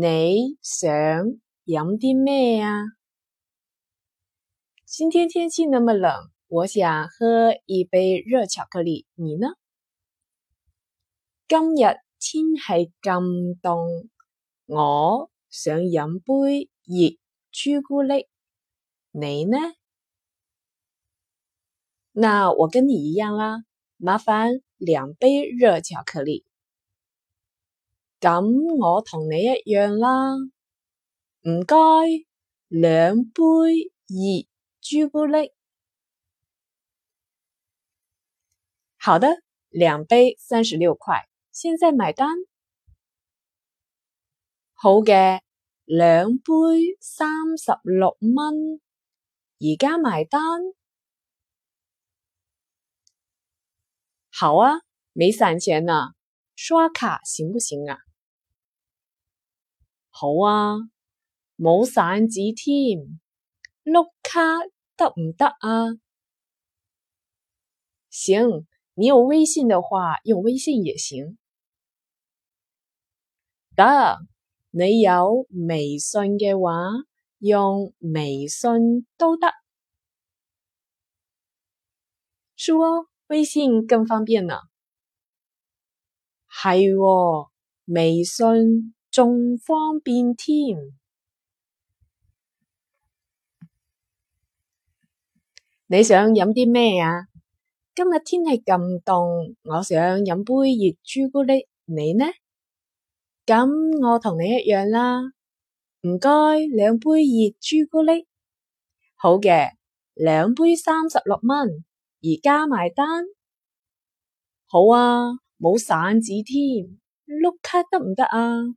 你想飲啲咩啊？今天天氣那麼冷，我想喝一杯熱巧克力。你呢？今日天，天氣咁凍，我想飲杯熱朱古力。你呢？那我跟你一樣啦，麻煩兩杯熱巧克力。咁、嗯、我同你一樣啦，唔該，兩杯熱朱古力。好的，兩杯三十六塊，現在買單。好嘅，兩杯三十六蚊，而家埋單。好啊，沒散錢啊，刷卡行不行啊？好啊，冇散紙添，碌卡得唔得啊？行，你有微信嘅話，用微信也行。得，你有微信嘅話，用微信都得。是哦，微信更方便啊。係喎，微信，仲方便添，你想飲啲咩啊？今日天氣咁凍，我想飲杯熱朱古力。你呢？咁我同你一樣啦。唔該，兩杯熱朱古力。好嘅，兩杯三十六蚊，而家埋單。好啊，冇散紙添，碌卡得唔得啊？